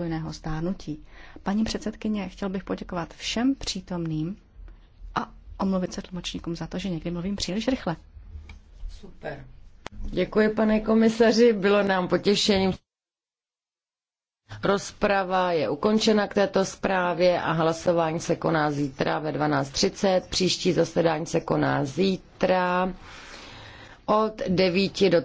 důstojného stárnutí. Paní předsedkyně, chtěl bych poděkovat všem přítomným a omluvit se tlumočníkům za to, že někdy mluvím příliš rychle. Super. Děkuji, pane komisaři, bylo nám potěšením. Rozprava je ukončena k této zprávě a hlasování se koná zítra ve 12.30. Příští zasedání se koná zítra od 9 do